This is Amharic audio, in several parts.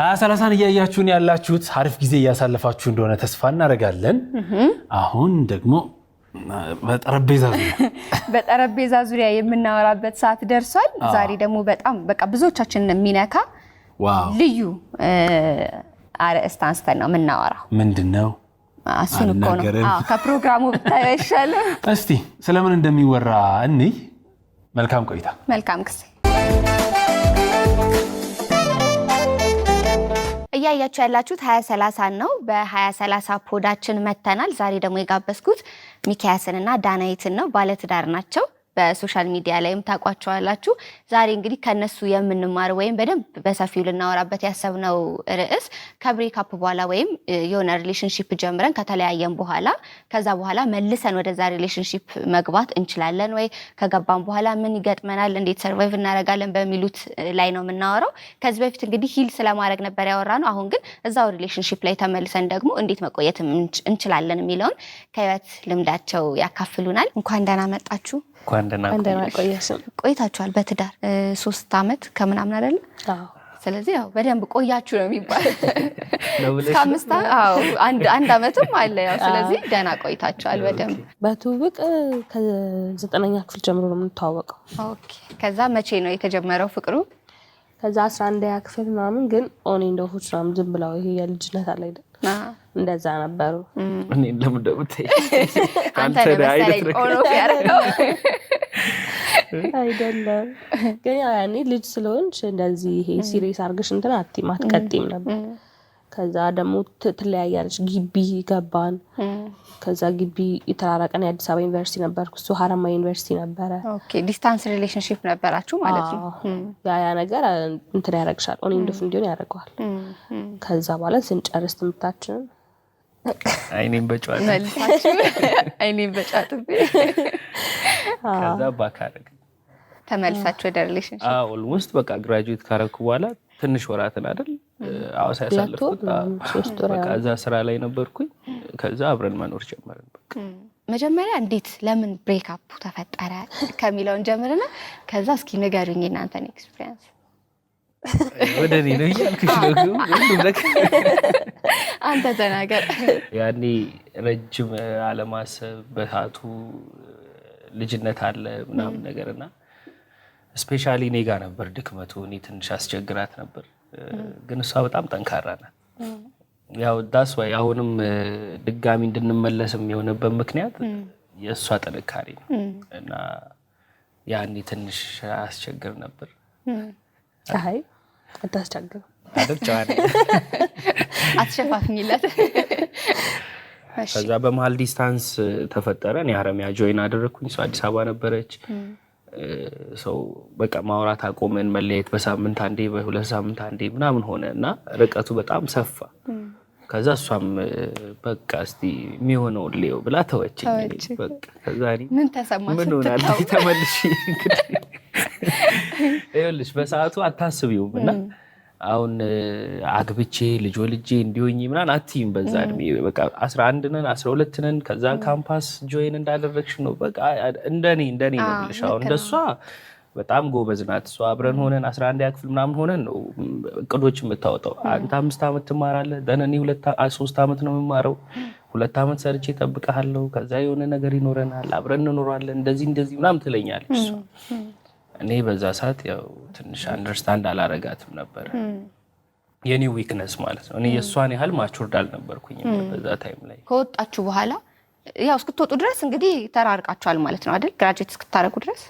ሀያ ሰላሳን እያያችሁን ያላችሁት አሪፍ ጊዜ እያሳለፋችሁ እንደሆነ ተስፋ እናደርጋለን። አሁን ደግሞ በጠረጴዛ ዙሪያ በጠረጴዛ ዙሪያ የምናወራበት ሰዓት ደርሷል። ዛሬ ደግሞ በጣም በቃ ብዙዎቻችንን የሚነካ ልዩ አርዕስት አንስተን ነው የምናወራው። ምንድን ነው እሱን እኮ ነው ከፕሮግራሙ እስቲ ስለምን እንደሚወራ እንይ። መልካም ቆይታ፣ መልካም ጊዜ እያያችሁ ያላችሁት ሀያ ሰላሳን ነው። በሀያ ሰላሳ ፖዳችን መተናል። ዛሬ ደግሞ የጋበዝኩት እና ዳናይትን ነው። ባለትዳር ናቸው። በሶሻል ሚዲያ ላይም ታውቋቸዋላችሁ። ዛሬ እንግዲህ ከነሱ የምንማር ወይም በደንብ በሰፊው ልናወራበት ያሰብነው ርዕስ ከብሬካፕ በኋላ ወይም የሆነ ሪሌሽንሺፕ ጀምረን ከተለያየን በኋላ ከዛ በኋላ መልሰን ወደዛ ሪሌሽንሽፕ መግባት እንችላለን ወይ፣ ከገባን በኋላ ምን ይገጥመናል፣ እንዴት ሰርቫይቭ እናደርጋለን በሚሉት ላይ ነው የምናወራው። ከዚህ በፊት እንግዲህ ሂል ስለማድረግ ነበር ያወራ ነው። አሁን ግን እዛው ሪሌሽንሺፕ ላይ ተመልሰን ደግሞ እንዴት መቆየት እንችላለን የሚለውን ከህይወት ልምዳቸው ያካፍሉናል። እንኳን ደህና መጣችሁ። እንኳን ደህና ቆየሽ። ቆይታችኋል በትዳር ሶስት አመት ከምናምን አይደለ? ስለዚህ ያው በደንብ ቆያችሁ ነው የሚባል ከአምስት አንድ አመትም አለ ያው። ስለዚህ ደህና ቆይታችኋል በደንብ። በትውውቅ ከዘጠነኛ ክፍል ጀምሮ ነው የምንተዋወቀው። ኦኬ። ከዛ መቼ ነው የተጀመረው ፍቅሩ? ከዛ አስራ አንደኛ ክፍል ምናምን ግን ኦኔ እንደሆች ምናምን ዝም ብለው ይሄ የልጅነት አለ አይደል እንደዛ ነበሩ። እኔን ለምን አይደለም ግን ያው ያኔ ልጅ ስለሆንች እንደዚህ ይሄ ሲሪየስ አድርገሽ እንትን አትይም አትቀጢም ነበር። ከዛ ደግሞ ትለያያለች። ግቢ ገባን። ከዛ ግቢ የተራራቀን የአዲስ አበባ ዩኒቨርሲቲ ነበር፣ እሱ ሀረማያ ዩኒቨርሲቲ ነበረ። ዲስታንስ ሪሌሽንሽፕ ነበራችሁ ማለት ነው። ያ ያ ነገር እንትን ያደርግሻል፣ ኦን ኤንድ ኦፍ እንዲሆን ያደርገዋል። ከዛ በኋላ ስንጨርስ ትምህርታችንን አይኔም በጨዋታ አይኔን በጨዋታ ከዛ ባካረግ ተመልሳችሁ ወደ ሪሌሽንሺፕ ኦልሞስት በቃ ግራጁዌት ካረግኩ በኋላ ትንሽ ወራትን አይደል አዋሳ ያሳለፍኩት። በቃ እዛ ስራ ላይ ነበርኩኝ። ከዛ አብረን መኖር ጀመርን። በቃ መጀመሪያ እንዴት ለምን ብሬክ አፑ ተፈጠረ ከሚለውን ጀምርና ከዛ እስኪ ንገሩኝ እናንተን ኤክስፒሪንስ ወደ እኔ ነው እያልኩሽ ነው። ሁሉም ነገር አንተ ተናገር። ያኔ ረጅም አለማሰብ በሳቱ ልጅነት አለ ምናምን ነገር እና ስፔሻሊ እኔ ጋ ነበር ድክመቱ። እኔ ትንሽ አስቸግራት ነበር፣ ግን እሷ በጣም ጠንካራ ናት። ያው ዳስ ዋይ አሁንም ድጋሚ እንድንመለስም የሆነበት ምክንያት የእሷ ጥንካሬ ነው እና ያኔ ትንሽ አስቸግር ነበር ፀሐይ አታስቸግርም አይደል? አትሸፋፍኝለት። ከዛ በመሀል ዲስታንስ ተፈጠረ። እኔ አረሚያ ጆይን አደረግኩኝ። ሰው አዲስ አበባ ነበረች። ሰው በቃ ማውራት አቆመን። መለየት በሳምንት አንዴ በሁለት ሳምንት አንዴ ምናምን ሆነ እና ርቀቱ በጣም ሰፋ። ከዛ እሷም በቃ እስቲ የሚሆነው ሌው ብላ ተወችኝ። ምን ተሰማ? ምን ሆናል? ተመልሽ እንግዲህ ይኸውልሽ በሰዓቱ አታስቢውም እና አሁን አግብቼ ልጆ ልጄ እንዲሆኝ ምናምን አትይም። በዛ እድሜ በቃ አስራ አንድ ነን አስራ ሁለት ነን ከዛ ካምፓስ ጆይን እንዳደረግሽ ነው በቃ እንደኔ እንደኔ ነው ብልሽ አሁን እንደሷ በጣም ጎበዝ ናት እሷ። አብረን ሆነን አስራ አንድ ያክፍል ምናምን ሆነን ነው እቅዶች የምታወጣው። አንተ አምስት ዓመት ትማራለህ፣ ደህና ሶስት ዓመት ነው የምማረው። ሁለት ዓመት ሰርቼ ጠብቀሃለሁ፣ ከዛ የሆነ ነገር ይኖረናል፣ አብረን እንኖራለን፣ እንደዚህ እንደዚህ ምናምን ትለኛለች እሷ እኔ በዛ ሰዓት ያው ትንሽ አንደርስታንድ አላረጋትም ነበር የኔ ዊክነስ ማለት ነው። እኔ የእሷን ያህል ማቹርድ አልነበርኩኝ በዛ ታይም ላይ። ከወጣችሁ በኋላ ያው እስክትወጡ ድረስ እንግዲህ ተራርቃችኋል ማለት ነው አይደል? ግራጅዌት እስክታረጉ ድረስ።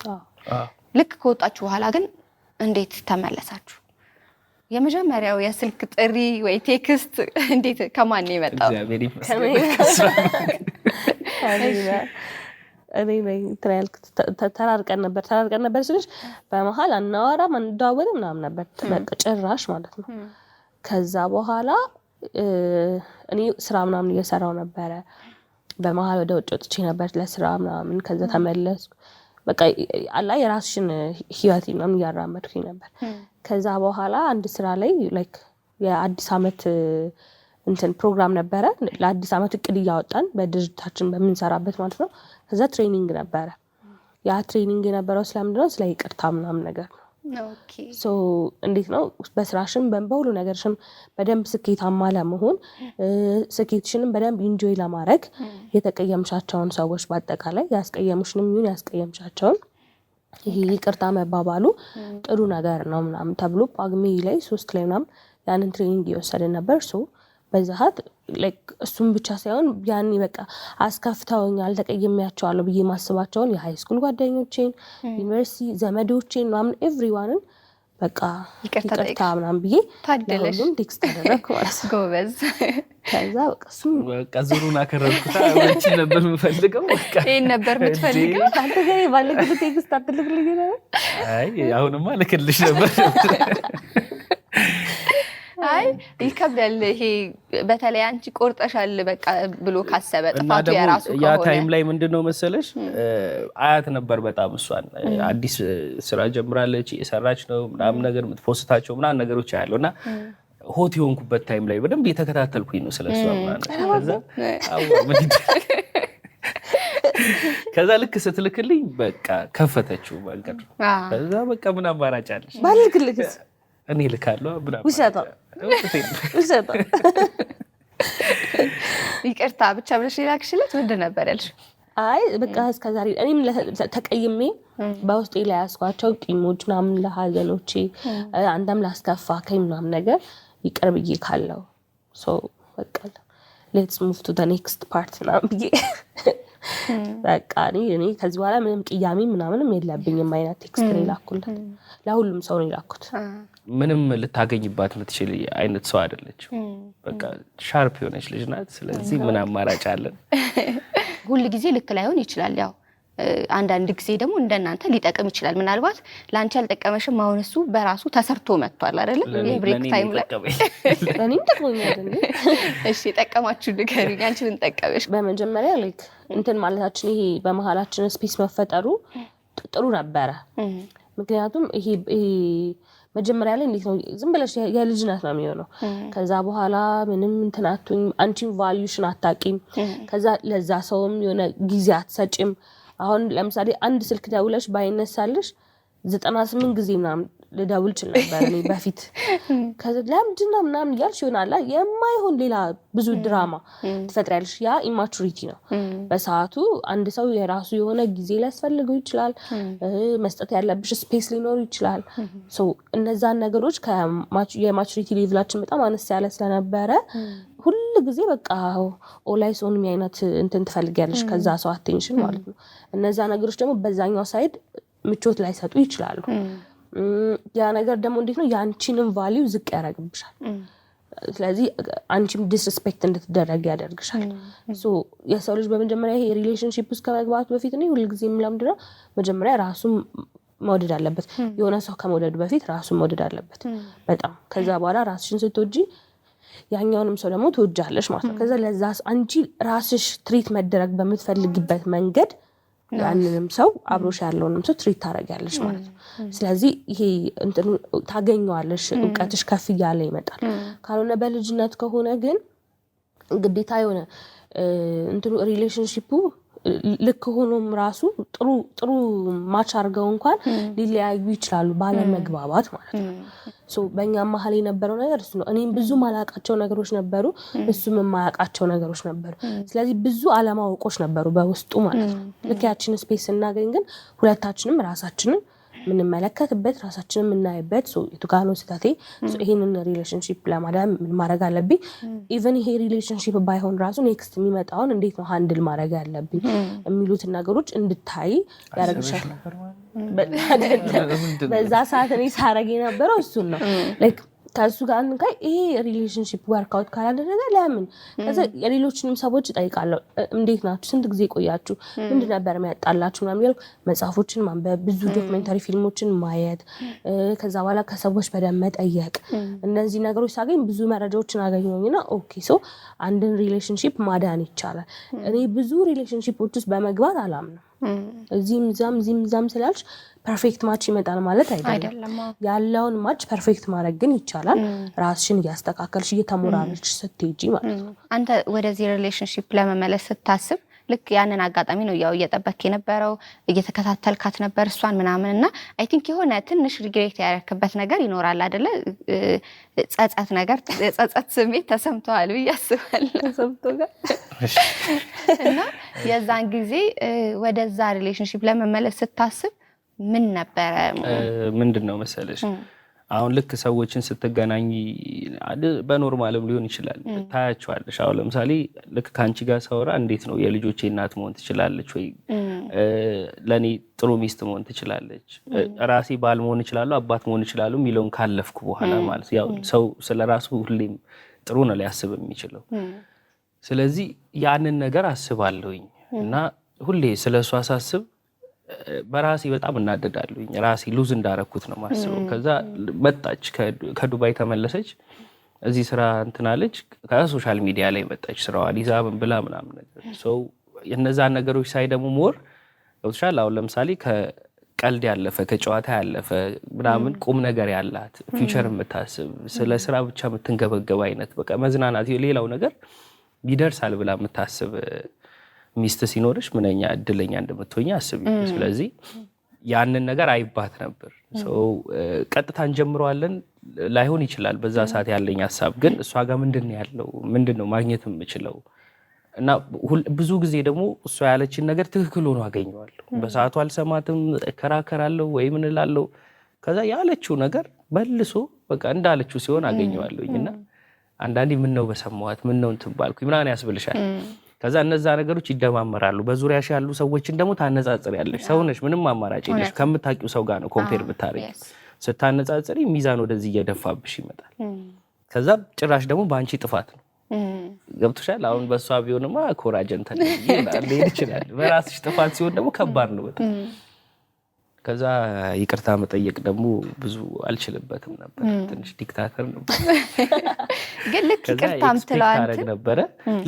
ልክ ከወጣችሁ በኋላ ግን እንዴት ተመለሳችሁ? የመጀመሪያው የስልክ ጥሪ ወይ ቴክስት እንዴት ከማን የመጣው? እኔ ነኝ እንትን ተራርቀን ነበር ተራርቀን ነበር ስልሽ በመሀል አናወራም አንደዋወልም ምናምን ነበር ጭራሽ ማለት ነው። ከዛ በኋላ እኔ ስራ ምናምን እየሰራው ነበረ። በመሀል ወደ ውጭ ወጥቼ ነበር ለስራ ምናምን። ከዛ ተመለስኩ። በቃ አላ የራስሽን ህይወት ምናምን እያራመድኩኝ ነበር። ከዛ በኋላ አንድ ስራ ላይ ላይክ የአዲስ አመት እንትን ፕሮግራም ነበረ። ለአዲስ ዓመት እቅድ እያወጣን በድርጅታችን በምንሰራበት ማለት ነው። ከዛ ትሬኒንግ ነበረ። ያ ትሬኒንግ የነበረው ስለምንድነው? ስለ ይቅርታ ምናምን ነገር ነው። እንዴት ነው በስራሽም በሁሉ ነገርሽም በደንብ ስኬታማ ለመሆን ስኬትሽንም በደንብ ኢንጆይ ለማድረግ የተቀየምሻቸውን ሰዎች በአጠቃላይ ያስቀየሙሽንም ይሁን ያስቀየምሻቸውን ይሄ ይቅርታ መባባሉ ጥሩ ነገር ነው ምናምን ተብሎ ጳጉሜ ላይ ሶስት ላይ ምናምን ያንን ትሬኒንግ እየወሰድን ነበር በዛሀት እሱም ብቻ ሳይሆን ያኔ በቃ አስከፍተውኛል ተቀይሜያቸዋለሁ ብዬ ማስባቸውን የሃይስኩል ጓደኞቼን፣ ዩኒቨርሲቲ ዘመዶቼን ምናምን ኤቭሪዋንን በቃ ይቅርታ ምናምን ብዬ ታደለሁም ቴክስት አደረግኩ ማለት ነው። ጎበዝ። ከዛ በቃ እሱም በቃ ዙሩን አከረብኩት። ነበር የምፈልገው፣ ይህን ነበር የምትፈልገው። አንተ ገና ባለጊዜ ቴክስት አትልክልኝ ነበር። አይ አሁንማ ልክልሽ ነበር አይ ይከብዳል። ይሄ በተለይ አንቺ ቆርጠሻል በቃ ብሎ ካሰበ ጥፋቱ የራሱ ከሆነ ያ ታይም ላይ ምንድን ነው መሰለሽ አያት ነበር በጣም እሷን። አዲስ ስራ ጀምራለች የሰራች ነው ምናምን ነገር የምትፖስታቸው ምናምን ነገሮች ያለው እና ሆት የሆንኩበት ታይም ላይ በደንብ የተከታተልኩኝ ነው ስለሷ ከዛ ልክ ስትልክልኝ በቃ ከፈተችው መንገድ ከዛ በቃ ምን አማራጭ አለሽ ባልልክልክስ እኔ ልካለሁ። ይቅርታ ብቻ ብለሽ ሌላክሽለት ምንድን ነበር ያልሽ? አይ በቃ እስከዛሬ እኔም ተቀይሜ በውስጤ ላይ ያስኳቸው ቂሞች ምናምን ለሀዘኖቼ አንዳም ላስከፋ ከኝ ምናምን ነገር ይቅር ብዬ ካለው በቃ ሌትስ ሙቭ ቱ ኔክስት ፓርት ምናምን ብዬ በቃ እኔ ከዚህ በኋላ ምንም ቅያሜ ምናምንም የለብኝም አይነት ቴክስት ነው የላኩለት። ለሁሉም ሰው ነው የላኩት። ምንም ልታገኝባት የምትችል አይነት ሰው አይደለችም። በቃ ሻርፕ የሆነች ልጅ ናት። ስለዚህ ምን አማራጭ አለን? ሁል ጊዜ ልክ ላይሆን ይችላል። ያው አንዳንድ ጊዜ ደግሞ እንደናንተ ሊጠቅም ይችላል። ምናልባት ለአንቺ አልጠቀመሽም። አሁን እሱ በራሱ ተሰርቶ መጥቷል አይደለም? የብሬክ ታይም ላይ እሺ የጠቀማችሁ ንገሪኝ። አንቺ ምን ጠቀመሽ? በመጀመሪያ ላይክ እንትን ማለታችን ይሄ በመሀላችን ስፔስ መፈጠሩ ጥሩ ነበረ። ምክንያቱም ይሄ መጀመሪያ ላይ እንዴት ነው ዝም ብለሽ የልጅነት ነው የሚሆነው። ከዛ በኋላ ምንም እንትን አትሁኝ፣ አንቺን ቫልዩሽን አታቂም። ከዛ ለዛ ሰውም የሆነ ጊዜ አትሰጭም። አሁን ለምሳሌ አንድ ስልክ ደውለሽ ባይነሳልሽ ዘጠና ስምንት ጊዜ ምናምን ልደውል ችል ነበር በፊት ለምንድነው ምናምን እያልሽ ይሆናል የማይሆን ሌላ ብዙ ድራማ ትፈጥሪያለሽ። ያ ኢማቹሪቲ ነው። በሰዓቱ አንድ ሰው የራሱ የሆነ ጊዜ ሊያስፈልገው ይችላል። መስጠት ያለብሽ ስፔስ ሊኖር ይችላል። እነዛን ነገሮች የማቹሪቲ ሌቭላችን በጣም አነስ ያለ ስለነበረ ሁል ጊዜ በቃ ኦላይ ሶንም አይነት እንትን ትፈልጊያለሽ ከዛ ሰው አቴንሽን ማለት ነው። እነዛ ነገሮች ደግሞ በዛኛው ሳይድ ምቾት ላይሰጡ ይችላሉ። ያ ነገር ደግሞ እንዴት ነው የአንቺንም ቫሊዩ ዝቅ ያደረግብሻል። ስለዚህ አንቺም ዲስሪስፔክት እንድትደረግ ያደርግሻል። የሰው ልጅ በመጀመሪያ ይሄ ሪሌሽንሽፕ ውስጥ ከመግባቱ በፊት እኔ ሁልጊዜ የምለምድ ነው መጀመሪያ ራሱ መውደድ አለበት። የሆነ ሰው ከመውደዱ በፊት ራሱን መውደድ አለበት በጣም ከዛ በኋላ ራስሽን ስትወጂ ያኛውንም ሰው ደግሞ ትወጃለሽ ማለት ነው። ከዛ ለዛ አንቺ ራስሽ ትሪት መደረግ በምትፈልግበት መንገድ ያንንም ሰው አብሮሽ ያለውንም ሰው ትሪት ታደርጊያለሽ ማለት ነው። ስለዚህ ይሄ እንትኑ ታገኘዋለሽ፣ እውቀትሽ ከፍ እያለ ይመጣል። ካልሆነ በልጅነት ከሆነ ግን ግዴታ የሆነ እንትኑ ሪሌሽንሽፑ ልክ ሆኖም ራሱ ጥሩ ጥሩ ማች አድርገው እንኳን ሊለያዩ ይችላሉ፣ ባለመግባባት ማለት ነው። በእኛ መሀል የነበረው ነገር እሱ ነው። እኔም ብዙ ማላቃቸው ነገሮች ነበሩ፣ እሱም የማያውቃቸው ነገሮች ነበሩ። ስለዚህ ብዙ አለማወቆች ነበሩ በውስጡ ማለት ነው። ልክ ያችን ስፔስ ስናገኝ ግን ሁለታችንም ራሳችንን የምንመለከትበት ራሳችን የምናይበት የቱጋኖ ስታቴ ይህንን ሪሌሽንሽፕ ለማዳን ማድረግ አለብኝ። ኢቨን ይሄ ሪሌሽንሽፕ ባይሆን ራሱ ኔክስት የሚመጣውን እንዴት ነው ሀንድል ማድረግ ያለብኝ የሚሉትን ነገሮች እንድታይ ያደረግሻል። በዛ ሰዓት እኔ ሳረግ የነበረው እሱን ነው። ከእሱ ጋር አንካይ ይሄ ሪሌሽንሽፕ ወርክአውት ካላደረገ ለምን ከዚ የሌሎችንም ሰዎች እጠይቃለሁ። እንዴት ናችሁ? ስንት ጊዜ ቆያችሁ? ምንድን ነበር የሚያጣላችሁ? ምናምን ያልኩ መጽሐፎችን ማንበብ፣ ብዙ ዶክመንታሪ ፊልሞችን ማየት፣ ከዛ በኋላ ከሰዎች በደንብ መጠየቅ፣ እነዚህ ነገሮች ሳገኝ ብዙ መረጃዎችን አገኘሁኝና ኦኬ ሶ አንድን ሪሌሽንሽፕ ማዳን ይቻላል። እኔ ብዙ ሪሌሽንሽፖች ውስጥ በመግባት አላምነ እዚህም ዛም እዚህም ዛም ስላልሽ ፐርፌክት ማች ይመጣል ማለት አይደለም። ያለውን ማች ፐርፌክት ማድረግ ግን ይቻላል፣ ራስሽን እያስተካከልሽ እየተሞራለች ስትሄጂ ማለት ነው። አንተ ወደዚህ ሪሌሽንሽፕ ለመመለስ ስታስብ ልክ ያንን አጋጣሚ ነው ያው እየጠበክ የነበረው እየተከታተልካት ነበር እሷን ምናምን እና አይ ቲንክ የሆነ ትንሽ ሪግሬት ያደረክበት ነገር ይኖራል አደለ? ጸጸት ነገር ጸጸት ስሜት ተሰምተዋል ብዬ አስባለሁ። እና የዛን ጊዜ ወደዛ ሪሌሽንሽፕ ለመመለስ ስታስብ ምን ነበረ? ምንድን ነው መሰለሽ አሁን ልክ ሰዎችን ስትገናኝ በኖርማልም ሊሆን ይችላል ታያቸዋለሽ። አሁን ለምሳሌ ልክ ከአንቺ ጋር ሳወራ እንዴት ነው የልጆቼ እናት መሆን ትችላለች ወይ ለእኔ ጥሩ ሚስት መሆን ትችላለች፣ ራሴ ባል መሆን እችላለሁ፣ አባት መሆን እችላለሁ የሚለውን ካለፍኩ በኋላ ማለት ያው ሰው ስለ ራሱ ሁሌም ጥሩ ነው ሊያስብ የሚችለው። ስለዚህ ያንን ነገር አስባለሁኝ እና ሁሌ ስለ እሷ ሳስብ በራሴ በጣም እናደዳለኝ። ራሴ ሉዝ እንዳረኩት ነው ማስበው። ከዛ መጣች ከዱባይ ተመለሰች፣ እዚህ ስራ እንትናለች። ከሶሻል ሚዲያ ላይ መጣች ስራዋ ሊዛብን ብላ ምናምን ነገር ሰው እነዛን ነገሮች ሳይ ደግሞ ሞር ገብቶሻል። አሁን ለምሳሌ ከቀልድ ያለፈ ከጨዋታ ያለፈ ምናምን ቁም ነገር ያላት ፊውቸር የምታስብ ስለ ስራ ብቻ የምትንገበገብ አይነት በቃ መዝናናት ሌላው ነገር ይደርሳል ብላ የምታስብ ሚስት ሲኖርሽ ምንኛ እድለኛ እንደምትሆኝ አስብ። ስለዚህ ያንን ነገር አይባት ነበር። ቀጥታ እንጀምረዋለን ላይሆን ይችላል። በዛ ሰዓት ያለኝ ሀሳብ ግን እሷ ጋር ምንድን ያለው፣ ምንድን ነው ማግኘት የምችለው እና ብዙ ጊዜ ደግሞ እሷ ያለችን ነገር ትክክል ሆኖ አገኘዋለሁ። በሰዓቱ አልሰማትም፣ እከራከራለሁ ወይም ምን ከዛ ያለችው ነገር መልሶ በቃ እንዳለችው ሲሆን አገኘዋለሁኝ እና አንዳንዴ ምን ነው በሰማዋት ምን ነው እንትን ባልኩኝ ምናምን ያስብልሻል። ከዛ እነዛ ነገሮች ይደማመራሉ። በዙሪያሽ ያሉ ሰዎችን ደግሞ ታነጻጽር ያለሽ ሰው ነሽ። ምንም አማራጭ የለሽ። ከምታውቂው ሰው ጋር ነው ኮምፔር ብታረጊ። ስታነጻጽሪ ሚዛን ወደዚህ እየደፋብሽ ይመጣል። ከዛ ጭራሽ ደግሞ በአንቺ ጥፋት ነው። ገብቶሻል። አሁን በእሷ ቢሆንማ ኮራጀንተ ሊሄድ ይችላል። በራስሽ ጥፋት ሲሆን ደግሞ ከባድ ነው በጣም ከዛ ይቅርታ መጠየቅ ደግሞ ብዙ አልችልበትም ነበር። ትንሽ ዲክታተር ነበር። ግን ልክ ይቅርታ ምትለዋንትን ነበረ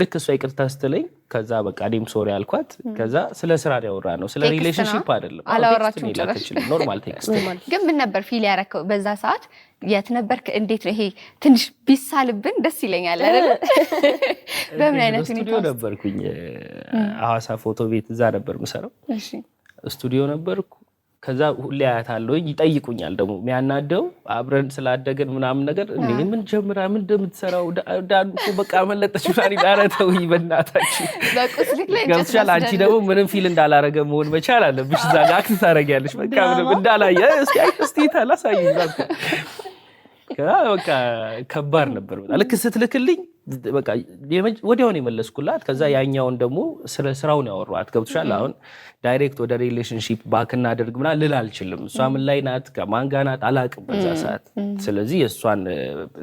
ልክ እሷ ይቅርታ ስትለኝ ከዛ በቃ እኔም ሶሪ አልኳት። ከዛ ስለ ስራ ያወራ ነው ስለ ሪሌሽንሽፕ አይደለም። አላወራችሁም ጭራሽ ኖርማል ቴክስት። ግን ምን ነበር ፊል ያረከው በዛ ሰዓት? የት ነበር? እንዴት ነው ይሄ? ትንሽ ቢሳልብን ደስ ይለኛል አይደል? በምን አይነት ሁኔታ ነበርኩኝ? ሐዋሳ ፎቶ ቤት እዛ ነበር የምሰራው ስቱዲዮ ነበርኩ ከዛ ሁሌ አያታለሁ። ይጠይቁኛል ደግሞ የሚያናደው አብረን ስላደገን ምናምን ነገር ምን ጀምራ ምን እንደምትሰራው ዳኑ በቃ መለጠች ምናምን ኧረ ተውኝ ገብቶሻል። አንቺ ደግሞ ምንም ፊል እንዳላረገ መሆን መቻል አለብሽ። እዛ ጋ አክት ታደርጊያለሽ። በቃ ምንም እንዳላየ እስቲ ተላሳይ በቃ ከባድ ነበር። ልክ ስትልክልኝ ወዲያውን የመለስኩላት። ከዛ ያኛውን ደግሞ ስለ ስራውን ያወሯት ገብቶሻል። አሁን ዳይሬክት ወደ ሪሌሽንሽፕ ባክ እናደርግ ምና ልል አልችልም። እሷ ምን ላይ ናት፣ ከማን ጋር ናት አላቅም በዛ ሰዓት። ስለዚህ የእሷን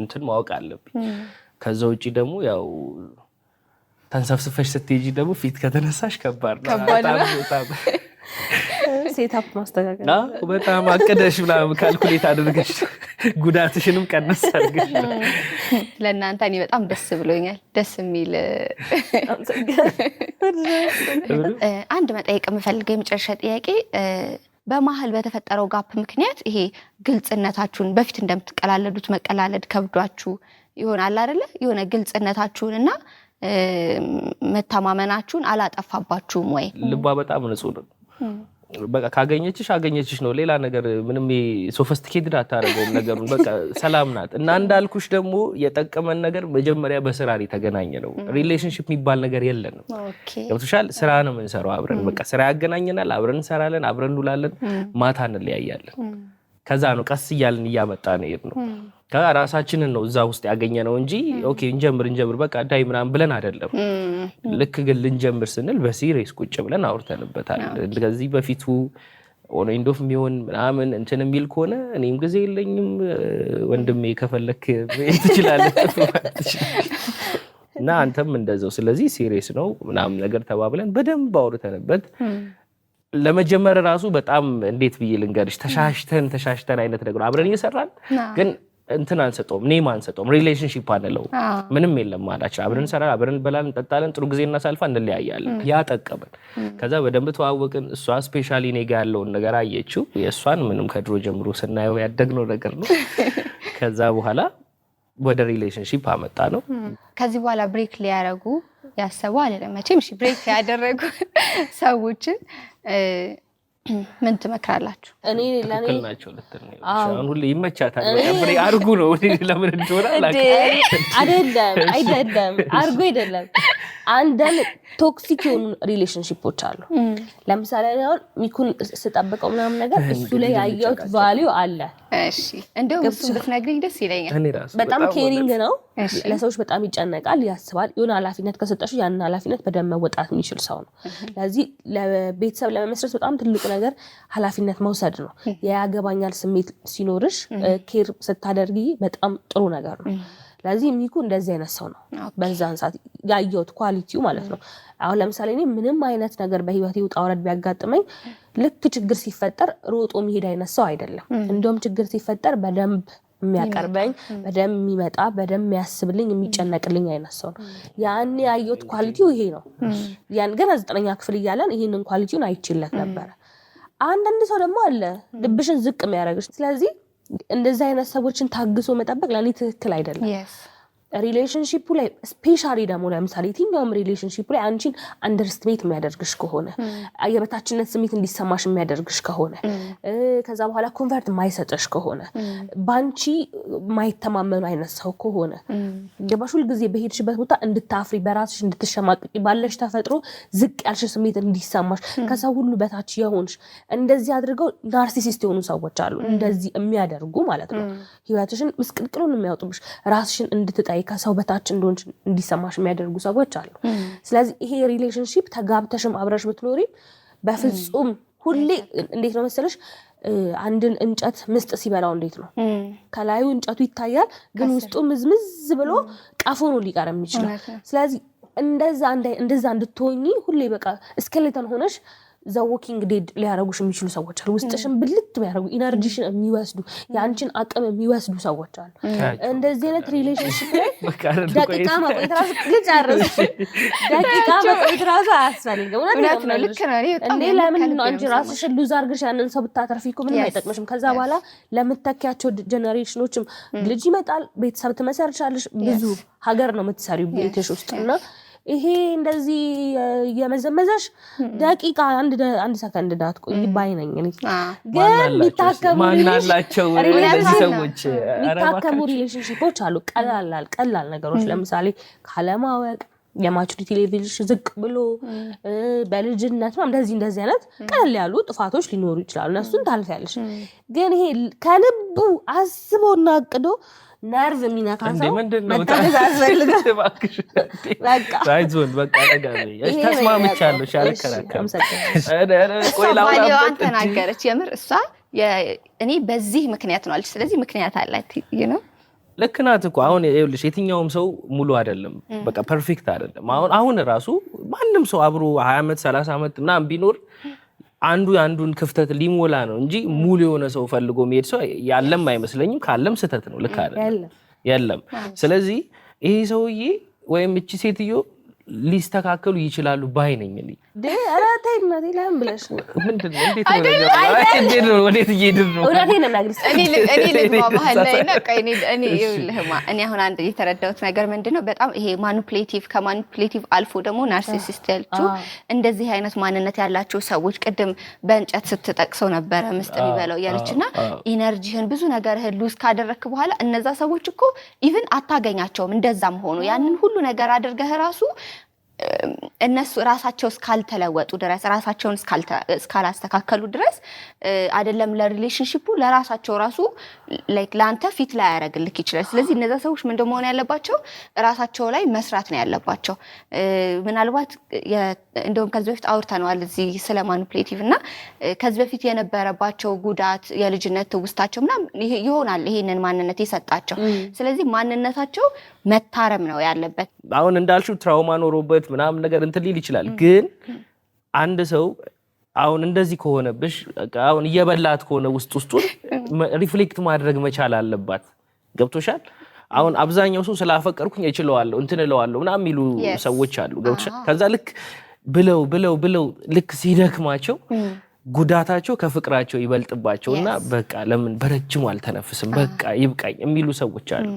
እንትን ማወቅ አለብኝ። ከዛ ውጭ ደግሞ ያው ተንሰፍስፈሽ ስትሄጂ ደግሞ ፊት ከተነሳሽ ከባድ ነው። ሴት አፕ ማስተካከል በጣም አቅደሽ ምናምን ካልኩሌት አድርገሽ ጉዳትሽንም ቀነስ አድርገሽ ለእናንተ እኔ በጣም ደስ ብሎኛል። ደስ የሚል አንድ መጠየቅ የምፈልገው የመጨረሻ ጥያቄ በመሀል በተፈጠረው ጋፕ ምክንያት ይሄ ግልጽነታችሁን በፊት እንደምትቀላለዱት መቀላለድ ከብዷችሁ ይሆናል አይደለ? የሆነ ግልጽነታችሁን እና መተማመናችሁን አላጠፋባችሁም ወይ? ልቧ በጣም ንጹህ ነው። በቃ ካገኘችሽ አገኘችሽ ነው። ሌላ ነገር ምንም ሶፈስቲኬትድ አታደርገውም ነገሩን። በቃ ሰላም ናት። እና እንዳልኩሽ ደግሞ የጠቀመን ነገር መጀመሪያ በስራ የተገናኘ ነው። ሪሌሽንሽፕ የሚባል ነገር የለንም። ገብቶሻል? ስራ ነው የምንሰራው አብረን። በቃ ስራ ያገናኘናል። አብረን እንሰራለን፣ አብረን እንውላለን፣ ማታ እንለያያለን። ከዛ ነው ቀስ እያልን እያመጣ ነው ሄድ ነው። ከዛ ራሳችንን ነው እዛ ውስጥ ያገኘ ነው እንጂ ኦኬ እንጀምር እንጀምር በቃ ዳይ ምናምን ብለን አይደለም። ልክ ግን ልንጀምር ስንል በሲሪየስ ቁጭ ብለን አውርተንበታል። ከዚህ በፊቱ ኦን ኤንድ የሚሆን ምናምን እንትን የሚል ከሆነ እኔም ጊዜ የለኝም ወንድሜ ከፈለክ ትችላለህ እና አንተም እንደዛው። ስለዚህ ሲሪየስ ነው ምናምን ነገር ተባብለን በደንብ አውርተንበት ለመጀመር ራሱ በጣም እንዴት ብዬ ልንገርሽ፣ ተሻሽተን ተሻሽተን አይነት ነገር አብረን እየሰራን ግን እንትን አንሰጠውም፣ ኔም አንሰጠውም፣ ሪሌሽንሽፕ አንለው፣ ምንም የለም ማላችን። አብረን እንሰራለን፣ አብረን እንበላለን፣ እንጠጣለን፣ ጥሩ ጊዜ እናሳልፋ፣ እንለያያለን። ያ ጠቀመን። ከዛ በደንብ ተዋወቅን። እሷ ስፔሻሊ እኔ ጋ ያለውን ነገር አየችው። የእሷን ምንም ከድሮ ጀምሮ ስናየው ያደግነው ነገር ነው። ከዛ በኋላ ወደ ሪሌሽንሽፕ አመጣ ነው። ከዚህ በኋላ ብሬክ ሊያረጉ ያሰቡ አለ መቼም። ሺ ብሬክ ያደረጉ ሰዎችን ምን ትመክራላችሁ? እኔ ትክክል ናቸው ልትል ነው። ሁሌ ይመቻታል አርጉ ነው ለምን እንደሆነ አይደለም፣ አይደለም አርጉ አይደለም። አንዳንድ ቶክሲክ የሆኑ ሪሌሽንሽፖች አሉ። ለምሳሌ አሁን ሚኩን ስጠብቀው ምናምን ነገር እሱ ላይ ያየሁት ቫሊዩ አለ። እንደውም እሱ ብትነግሪኝ ደስ ይለኛል። በጣም ኬሪንግ ነው ለሰዎች በጣም ይጨነቃል፣ ያስባል። የሆነ ኃላፊነት ከሰጠሽ ያንን ኃላፊነት በደንብ መወጣት የሚችል ሰው ነው። ለዚህ ለቤተሰብ ለመመስረት በጣም ትልቁ ነገር ኃላፊነት መውሰድ ነው። የያገባኛል ስሜት ሲኖርሽ ኬር ስታደርጊ በጣም ጥሩ ነገር ነው። ለዚህ ሚኩ እንደዚህ አይነት ሰው ነው። በዛን ሰዓት ያየሁት ኳሊቲው ማለት ነው። አሁን ለምሳሌ እኔ ምንም አይነት ነገር በህይወት ውጣ ውረድ ቢያጋጥመኝ ልክ ችግር ሲፈጠር ሮጦ መሄድ አይነት ሰው አይደለም። እንደውም ችግር ሲፈጠር በደንብ የሚያቀርበኝ በደንብ የሚመጣ በደንብ የሚያስብልኝ የሚጨነቅልኝ አይነት ሰው ነው። ያኔ ያየሁት ኳሊቲው ይሄ ነው። ያን ገና ዘጠነኛ ክፍል እያለን ይህንን ኳሊቲውን አይችለት ነበረ። አንዳንድ ሰው ደግሞ አለ ልብሽን ዝቅ የሚያደርግሽ። ስለዚህ እንደዚህ አይነት ሰዎችን ታግሶ መጠበቅ ለእኔ ትክክል አይደለም። ሪሌሽንሽፑ ላይ ስፔሻሊ ደግሞ ለምሳሌ የትኛውም ሪሌሽንሺፑ ላይ አንቺን አንደርስትሜት የሚያደርግሽ ከሆነ የበታችነት ስሜት እንዲሰማሽ የሚያደርግሽ ከሆነ ከዛ በኋላ ኮንቨርት ማይሰጠሽ ከሆነ በአንቺ ማይተማመኑ አይነት ሰው ከሆነ ገባሽ፣ ሁልጊዜ በሄድሽበት ቦታ እንድታፍሪ፣ በራስሽ እንድትሸማቅቂ፣ ባለሽ ተፈጥሮ ዝቅ ያልሽ ስሜት እንዲሰማሽ፣ ከሰው ሁሉ በታች የሆንሽ እንደዚህ አድርገው ናርሲሲስት የሆኑ ሰዎች አሉ። እንደዚህ የሚያደርጉ ማለት ነው። ህይወትሽን ምስቅልቅሉን የሚያወጡብሽ ራስሽን እንድትጠ ከሰው በታች እንደሆንሽ እንዲሰማሽ የሚያደርጉ ሰዎች አሉ። ስለዚህ ይሄ ሪሌሽንሽፕ ተጋብተሽም አብረሽ ብትኖሪ በፍጹም ሁሌ እንዴት ነው መሰለሽ አንድን እንጨት ምስጥ ሲበላው እንዴት ነው ከላዩ እንጨቱ ይታያል፣ ግን ውስጡ ምዝምዝ ብሎ ቀፎ ነው ሊቀር የሚችለው። ስለዚህ እንደዛ እንደዛ እንድትሆኚ ሁሌ በቃ እስኬሌተን ሆነሽ ዘ ዎኪንግ ዴድ ሊያደረጉሽ የሚችሉ ሰዎች አሉ። ውስጥሽን ብልት የሚያደረጉ ኢነርጂሽን የሚወስዱ የአንቺን አቅም የሚወስዱ ሰዎች አሉ። እንደዚህ አይነት ሪሌሽንሽፕ ላይ ደቂቃ መቆየት ራሱ ልጨርስ፣ ደቂቃ መቆየት ራሱ አያስፈልግም። ለምንድን ነው አንቺ ራስሽን ሉዝ አድርገሽ ያንን ሰው ብታተርፊ እኮ ምንም አይጠቅምሽም። ከዛ በኋላ ለምተኪያቸው ጀነሬሽኖችም mm. ልጅ ይመጣል፣ ቤተሰብ ትመሰርቻለሽ፣ ብዙ ሀገር ነው የምትሰሪው ቤትሽ ውስጥ እና ይሄ እንደዚህ የመዘመዘሽ ደቂቃ አንድ ሰከንድ እንዳትቆይ ባይነኝ ግን የሚታከሙ ሪሌሽንሽፖች አሉ። ቀላል ቀላል ነገሮች ለምሳሌ ካለማወቅ የማቹሪቲ ሌቪልሽ ዝቅ ብሎ በልጅነት እንደዚህ እንደዚህ አይነት ቀለል ያሉ ጥፋቶች ሊኖሩ ይችላሉ። እነሱን ታልፊያለሽ። ግን ይሄ ከልቡ አስቦና አቅዶ ነርቭ የሚነካ ሰው መታገዝ አስፈልጋል። ተስማምቻለሁ። ተናገረች። የምር እሷ እኔ በዚህ ምክንያት ነው አለች። ስለዚህ ምክንያት አላት ነው ልክ ናት እኮ አሁን ይኸውልሽ፣ የትኛውም ሰው ሙሉ አይደለም፣ በቃ ፐርፌክት አይደለም። አሁን አሁን ራሱ ማንም ሰው አብሮ ሀያ ዓመት ሰላሳ ዓመት ምናምን ቢኖር አንዱ የአንዱን ክፍተት ሊሞላ ነው እንጂ ሙሉ የሆነ ሰው ፈልጎ መሄድ ሰው ያለም አይመስለኝም። ካለም ስህተት ነው፣ ልክ አይደለም። የለም። ስለዚህ ይሄ ሰውዬ ወይም እቺ ሴትዮ ሊስተካከሉ ይችላሉ ባይ ነኝ። እኔ አሁን አንድ የተረዳሁት ነገር ምንድን ነው በጣም ይሄ ማኒፕሌቲቭ ከማኒፕሌቲቭ አልፎ ደግሞ ናርሲሲስት ያልችው እንደዚህ አይነት ማንነት ያላቸው ሰዎች ቅድም በእንጨት ስትጠቅሰው ነበረ ምስጥ ይበለው እያለች እና ኢነርጂህን ብዙ ነገርህን ሉዝ ካደረክ በኋላ እነዛ ሰዎች እኮ ኢቭን አታገኛቸውም። እንደዛም ሆኖ ያንን ሁሉ ነገር አድርገህ ራሱ እነሱ ራሳቸው እስካልተለወጡ ድረስ ራሳቸውን እስካላስተካከሉ ድረስ አይደለም ለሪሌሽንሽፑ ለራሳቸው ራሱ ለአንተ ፊት ላይ ያደረግልክ ይችላል። ስለዚህ እነዛ ሰዎች ምንድን ያለባቸው ራሳቸው ላይ መስራት ነው ያለባቸው። ምናልባት እንደውም ከዚህ በፊት አውርተነዋል እዚህ ስለ ማኒፕሌቲቭ እና ከዚህ በፊት የነበረባቸው ጉዳት የልጅነት ትውስታቸው ምናምን ይሆናል ይሄንን ማንነት የሰጣቸው ስለዚህ ማንነታቸው መታረም ነው ያለበት። አሁን እንዳልሽው ትራውማ ኖሮበት ምናምን ነገር እንትን ሊል ይችላል። ግን አንድ ሰው አሁን እንደዚህ ከሆነብሽ አሁን እየበላት ከሆነ ውስጥ ውስጡን ሪፍሌክት ማድረግ መቻል አለባት። ገብቶሻል? አሁን አብዛኛው ሰው ስላፈቀርኩኝ እችለዋለሁ እንትን እለዋለሁ ምናምን የሚሉ ሰዎች አሉ። ገብቶሻል? ከዛ ልክ ብለው ብለው ብለው ልክ ሲደክማቸው ጉዳታቸው ከፍቅራቸው ይበልጥባቸው እና በቃ ለምን በረጅሙ አልተነፍስም፣ በቃ ይብቃኝ የሚሉ ሰዎች አሉ።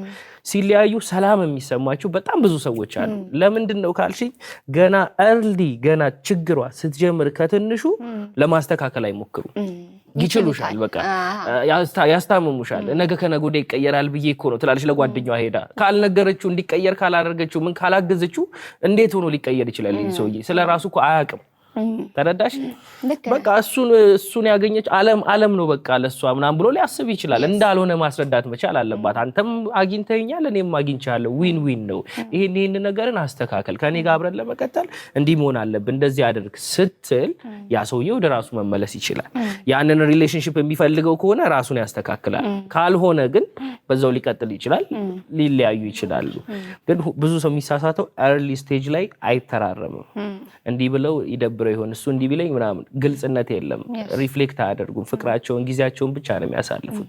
ሲለያዩ ሰላም የሚሰማቸው በጣም ብዙ ሰዎች አሉ። ለምንድን ነው ካልሽኝ ገና እርሊ ገና ችግሯ ስትጀምር ከትንሹ ለማስተካከል አይሞክሩ። ይችሉሻል፣ በቃ ያስታምሙሻል። ነገ ከነገ ወዲያ ይቀየራል ብዬ እኮ ነው ትላለች ለጓደኛዋ ሄዳ። ካልነገረችው እንዲቀየር ካላደረገችው ምን ካላገዘችው እንዴት ሆኖ ሊቀየር ይችላል? ሰውዬ ስለ ራሱ እኮ አያውቅም። ተረዳሽ? በቃ እሱን እሱን ያገኘች ዓለም ዓለም ነው በቃ ለእሷ ምናምን ብሎ ሊያስብ ይችላል። እንዳልሆነ ማስረዳት መቻል አለባት። አንተም አግኝተኛል፣ እኔም አግኝቻለሁ። ዊን ዊን ነው። ይሄን ይሄን ነገርን አስተካከል፣ ከኔ ጋር አብረን ለመቀጠል እንዲህ መሆን አለብን፣ እንደዚህ አድርግ ስትል ያ ሰውዬ ወደ ራሱ መመለስ ይችላል። ያንን ሪሌሽንሽፕ የሚፈልገው ከሆነ ራሱን ያስተካክላል። ካልሆነ ግን በዛው ሊቀጥል ይችላል። ሊለያዩ ይችላሉ። ግን ብዙ ሰው የሚሳሳተው ኤርሊ ስቴጅ ላይ አይተራረምም። እንዲህ ብለው ይደብ ይደብረው ይሆን እሱ እንዲህ ቢለኝ ምናምን ግልጽነት የለም። ሪፍሌክት አያደርጉም። ፍቅራቸውን፣ ጊዜያቸውን ብቻ ነው የሚያሳልፉት።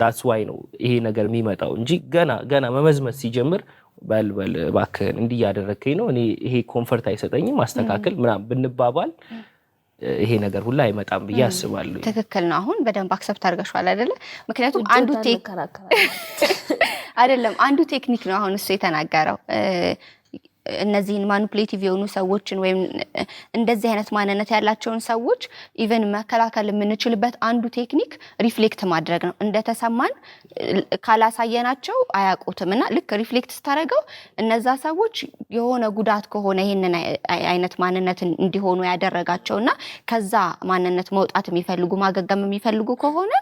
ዳስ mm-hmm. ዋይ ነው ይሄ ነገር የሚመጣው እንጂ ገና ገና መመዝመዝ ሲጀምር በልበል ባክህን እንዲህ እያደረግከኝ ነው እኔ ይሄ ኮንፈርት አይሰጠኝም ማስተካከል mm-hmm. ምናምን ብንባባል mm-hmm. ይሄ ነገር ሁሉ አይመጣም ብዬ አስባለሁ። ትክክል ነው። አሁን በደንብ አክሰብት አድርገሽዋል አይደለ? ምክንያቱም አንዱ አይደለም አንዱ ቴክኒክ ነው አሁን እሱ የተናገረው እነዚህን ማኒፕሌቲቭ የሆኑ ሰዎችን ወይም እንደዚህ አይነት ማንነት ያላቸውን ሰዎች ኢቨን መከላከል የምንችልበት አንዱ ቴክኒክ ሪፍሌክት ማድረግ ነው። እንደተሰማን ካላሳየናቸው አያውቁትም እና ልክ ሪፍሌክት ስታደርገው እነዛ ሰዎች የሆነ ጉዳት ከሆነ ይህንን አይነት ማንነት እንዲሆኑ ያደረጋቸው እና ከዛ ማንነት መውጣት የሚፈልጉ ማገገም የሚፈልጉ ከሆነ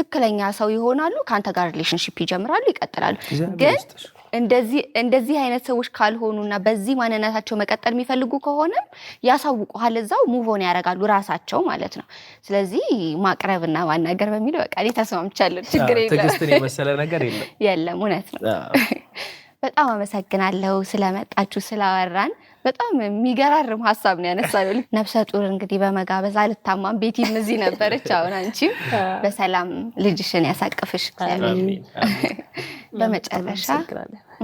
ትክክለኛ ሰው ይሆናሉ። ከአንተ ጋር ሪሌሽንሽፕ ይጀምራሉ፣ ይቀጥላሉ ግን እንደዚህ አይነት ሰዎች ካልሆኑና በዚህ ማንነታቸው መቀጠል የሚፈልጉ ከሆነ ያሳውቁሃል። እዛው ሙቮን ያደርጋሉ ራሳቸው ማለት ነው። ስለዚህ ማቅረብና ማናገር በሚለው በቃ ተስማምቻለን። ችግር ትዕግስትን የመሰለ ነገር የለም የለም። እውነት ነው። በጣም አመሰግናለሁ ስለመጣችሁ ስላወራን። በጣም የሚገራርም ሀሳብ ነው ያነሳ። ነብሰ ጡር እንግዲህ በመጋበዝ አልታማም። ቤቲም እዚህ ነበረች። አሁን አንቺም በሰላም ልጅሽን ያሳቅፍሽ እግዚአብሔር። በመጨረሻ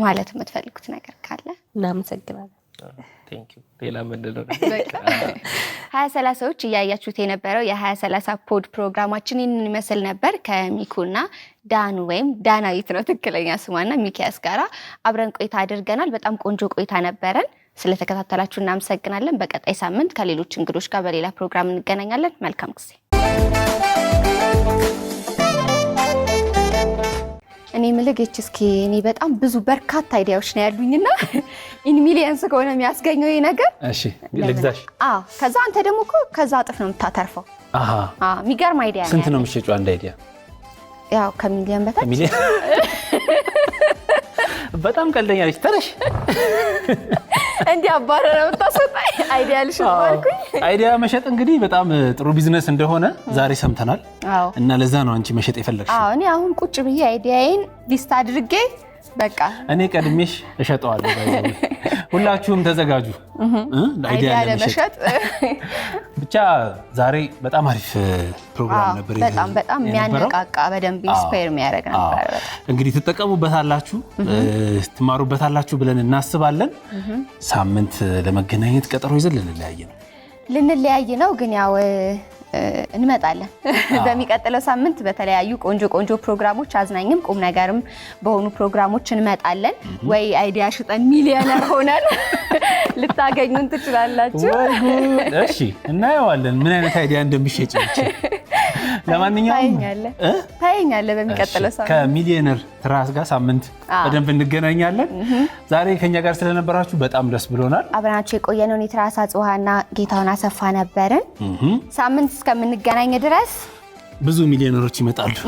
ማለት የምትፈልጉት ነገር ካለ እናመሰግናለን። ሌላ ሀያ ሰላሳዎች እያያችሁት የነበረው የሀያ ሰላሳ ፖድ ፕሮግራማችን ይህንን ይመስል ነበር። ከሚኩና ዳኑ ወይም ዳናዊት ነው ትክክለኛ ስሟና ሚኪያስ ጋራ አብረን ቆይታ አድርገናል። በጣም ቆንጆ ቆይታ ነበረን። ስለተከታተላችሁ እናመሰግናለን። በቀጣይ ሳምንት ከሌሎች እንግዶች ጋር በሌላ ፕሮግራም እንገናኛለን። መልካም ጊዜ። እኔ ምልህ እስኪ እኔ በጣም ብዙ በርካታ አይዲያዎች ነው ያሉኝና ኢን ሚሊየንስ ከሆነ የሚያስገኘው ይህ ነገር ልግዛሽ። ከዛ አንተ ደግሞ እኮ ከዛ አጥፍ ነው የምታተርፈው። የሚገርም አይዲያ። ስንት ነው የምትሸጪው አንድ አይዲያ? ያው ከሚሊየን በታች በጣም ቀልደኛ ነች። ተነሽ እንዲህ አባረረ ብታስወጣኝ አይዲያ ልሽ አይዲያ መሸጥ እንግዲህ በጣም ጥሩ ቢዝነስ እንደሆነ ዛሬ ሰምተናል እና ለዛ ነው አንቺ መሸጥ የፈለግሽ። እኔ አሁን ቁጭ ብዬ አይዲያዬን ሊስት አድርጌ በቃ እኔ ቀድሜሽ እሸጠዋለሁ። ሁላችሁም ተዘጋጁ አይዲያ ለመሸጥ። ብቻ ዛሬ በጣም አሪፍ ፕሮግራም ነበር። በጣም በጣም የሚያነቃቃ በደንብ ኢንስፓየር የሚያደርግ ነበር። እንግዲህ ትጠቀሙበታላችሁ፣ ትማሩበታላችሁ ብለን እናስባለን። ሳምንት ለመገናኘት ቀጠሮ ይዘን ልንለያይ ነው ልንለያይ ነው ግን ያው እንመጣለን። በሚቀጥለው ሳምንት በተለያዩ ቆንጆ ቆንጆ ፕሮግራሞች አዝናኝም ቁም ነገርም በሆኑ ፕሮግራሞች እንመጣለን። ወይ አይዲያ ሽጠን ሚሊዮነር ሆነን ልታገኙን ትችላላችሁ። እሺ፣ እናየዋለን ምን አይነት አይዲያ እንደሚሸጭ። ለማንኛውም በሚቀጥለው ሳምንት ከሚሊዮነር ትራስ ጋር ሳምንት በደንብ እንገናኛለን። ዛሬ ከኛ ጋር ስለነበራችሁ በጣም ደስ ብሎናል። አብረናችሁ የቆየነውን የትራሳ ጽዋና ጌታውን አሰፋ ነበርን ሳምንት እስከምንገናኝ ድረስ ብዙ ሚሊዮነሮች ይመጣሉ።